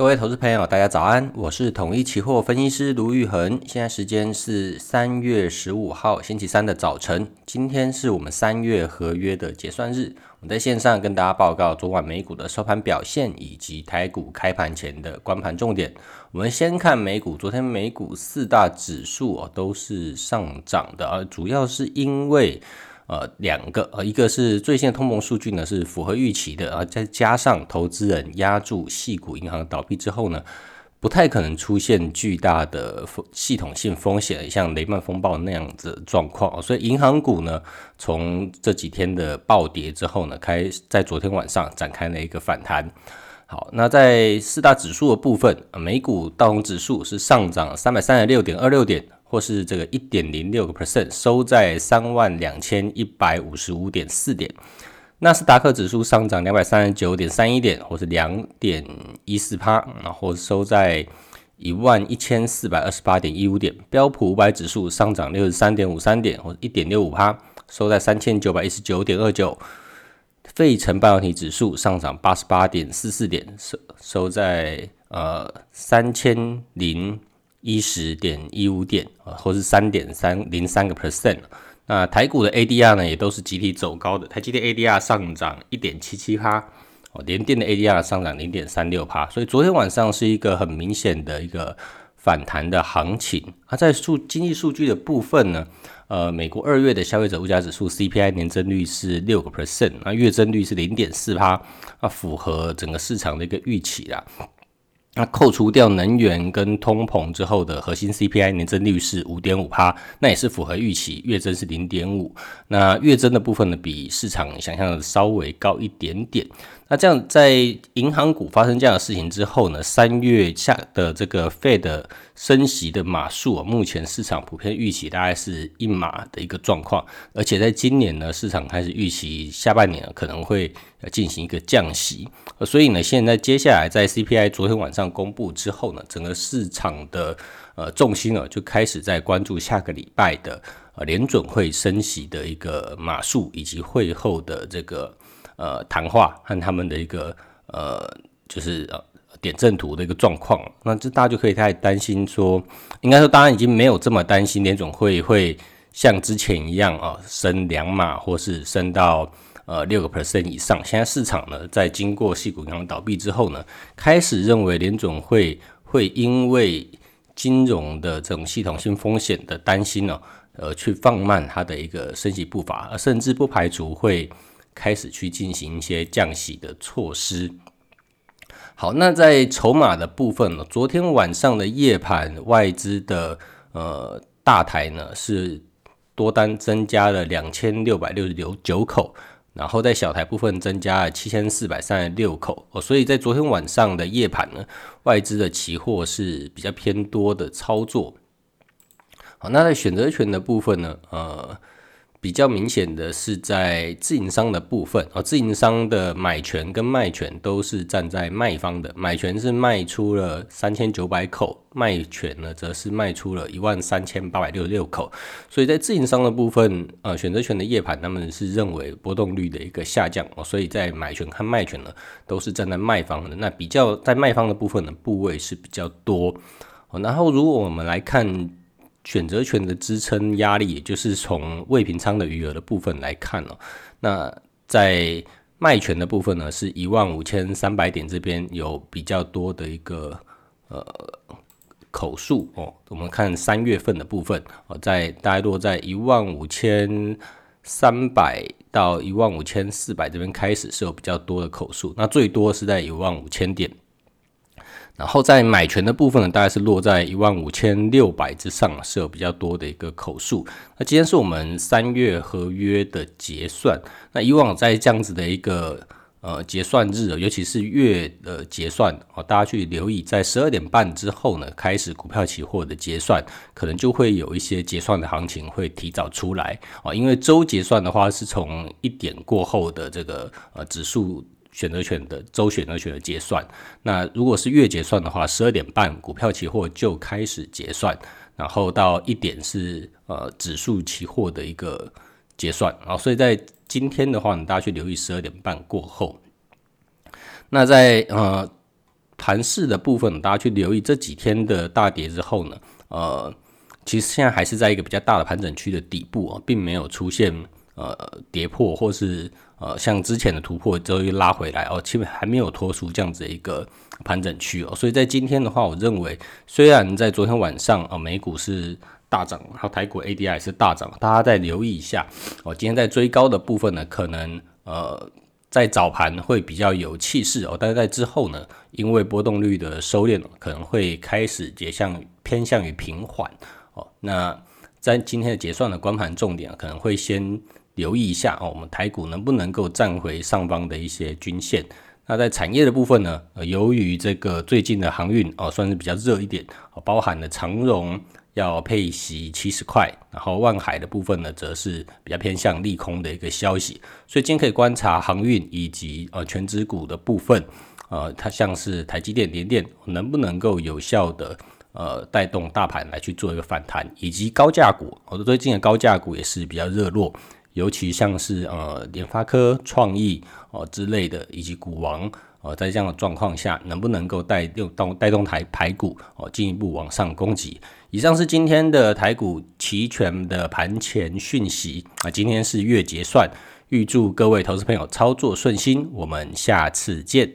各位投資朋友，大家早安，我是統一期貨分析師盧昱衡，現在時間是三月十五號星期三的早晨，今天是我們三月合約的結算日，我在線上跟大家報告昨晚美股的收盤表現以及台股開盤前的觀盤重點。我們先看美股，昨天美股四大指數啊都是上漲的啊，而主要是因為。呃，兩個，呃，一個是最新的通膨數據呢是符合預期的啊，再加上投資人押注矽谷銀行倒閉之後呢，不太可能出現巨大的風系統性風險，像雷曼風暴那樣子狀況，啊，所以銀行股呢，從這幾天的暴跌之後呢，開在昨天晚上展開了一個反彈。好，那在四大指數的部分，美、啊、股道瓊指數是上漲三百三十六點二六點。或是這個一點零六個 percent 收在三萬兩千一百五十五點四點，納斯達克指數上漲兩百三十九點三一點，或是兩點一四趴，然後收在一萬一千四百二十八點一五點，標普五百指數上漲六十三點五三點，或一點六五趴，收在三千九百一十九點二九，費城半導體指數上漲八十八點四四點，收收在呃三千零。一十點一五點啊，或是三點三零三個 percent，那台股的 ADR 呢，也都是集體走高的，台積電 ADR 上漲一點七七帕，哦，聯電的 ADR 上漲零點三六帕，所以昨天晚上是一個很明顯的一個反彈的行情。啊在數經濟數據的部分呢，呃，美國二月的消費者物價指數 CPI 年增率是六個 percent，那月增率是零點四帕，啊，符合整個市場的一個預期啦。那扣除掉能源跟通膨之後的核心 CPI 年增率是五點五趴，那也是符合預期，月增是零點五，那月增的部分呢，比市場想象的稍微高一點點。那這樣，在銀行股發生這樣的事情之後呢，三月下的這個 Fed 升息的碼數啊，目前市場普遍預期大概是一碼的一個狀況，而且在今年呢，市場開始預期下半年可能會進行一個降息，所以呢，現在接下來在 CPI 昨天晚上公布之後呢，整個市場的呃重心啊就開始在關注下個禮拜的呃聯準會升息的一個碼數以及會後的這個。呃，談話和他們的一個呃，就是呃點陣圖的一個狀況，那這大家就可以太擔心說，應該說，大家已經沒有這麼擔心聯準會會像之前一樣啊、呃，升兩碼或是升到呃六個 percent 以上。現在市場呢，在經過矽谷銀行倒閉之後呢，開始認為聯準會會因為金融的這種系統性風險的擔心呢、哦，呃，去放慢它的一個升息步伐，而甚至不排除會。開始去進行一些降息的措施。好，那在籌碼的部分呢，昨天晚上的夜盤，外資的呃大台呢是多單增加了兩千六百六十九口，然後在小台部分增加了七千四百三十六口。哦，所以在昨天晚上的夜盤呢，外資的期貨是比較偏多的操作。好，那在選擇權的部分呢，呃。比較明顯的是在自營商的部分，啊、哦，自營商的買權跟賣權都是站在賣方的，買權是賣出了三千九百口，賣權呢則是賣出了一萬三千八百六十六口，所以在自營商的部分，呃，選擇權的夜盤，他們是認為波動率的一個下降，哦，所以在買權和賣權呢都是站在賣方的，那比較在賣方的部分呢，部位是比較多、哦，然後如果我們來看。選擇權的支撐壓力，也就是從未平倉的餘額的部分來看哦、喔，那在賣權的部分呢，是一萬五千三百點這邊有比較多的一個呃口數哦、喔。我們看三月份的部分哦，在大概落在一萬五千三百到一萬五千四百這邊開始是有比較多的口數，那最多是在一萬五千點。然後在買權的部分呢，大概是落在一萬五千六百之上，是有比較多的一個口數。那今天是我們三月合約的結算。那以往在這樣子的一個呃結算日，尤其是月的結算啊、哦，大家去留意，在十二點半之後呢，開始股票期貨的結算，可能就會有一些結算的行情會提早出來啊、哦。因為周結算的話，是從一點過後的這個呃指數。選擇權的周選擇權的結算，那如果是月結算的話，十二點半股票期貨就開始結算，然後到一點是呃指數期貨的一個結算，然後所以在今天的話，大家去留意十二點半過後，那在呃盤勢的部分，大家去留意這幾天的大跌之後呢，呃，其實現在還是在一個比較大的盤整區的底部啊，並沒有出現呃跌破或是。呃，像之前的突破之後又拉回來哦，基本還沒有脫出這樣子的一個盤整區哦，所以在今天的話，我認為雖然在昨天晚上哦，美股是大漲，然後台股 ADI 是大漲，大家再留意一下。哦，今天在追高的部分呢，可能呃在早盤會比較有氣勢哦，但是在之後呢，因為波動率的收斂，可能會開始結向偏向於平緩哦。那在今天的結算的觀盤重點、啊，可能會先。留意一下哦，我們台股能不能夠站回上方的一些均線？那在產業的部分呢？呃、由於這個最近的航運哦、呃，算是比較熱一點，包含了長榮要配息七十塊，然後萬海的部分呢，則是比較偏向利空的一個消息。所以今天可以觀察航運以及呃權值股的部分，呃，它像是台積電、聯電能不能夠有效的呃帶動大盤來去做一個反彈，以及高價股，我、呃、的最近的高價股也是比較熱絡。尤其像是呃聯發科、創意哦、呃、之類的，以及股王哦、呃，在這樣的狀況下，能不能夠帶動帶動台排股哦進一步往上攻擊？以上是今天的台股期權的盤前訊息啊、呃。今天是月結算，預祝各位投資朋友操作順心。我們下次見。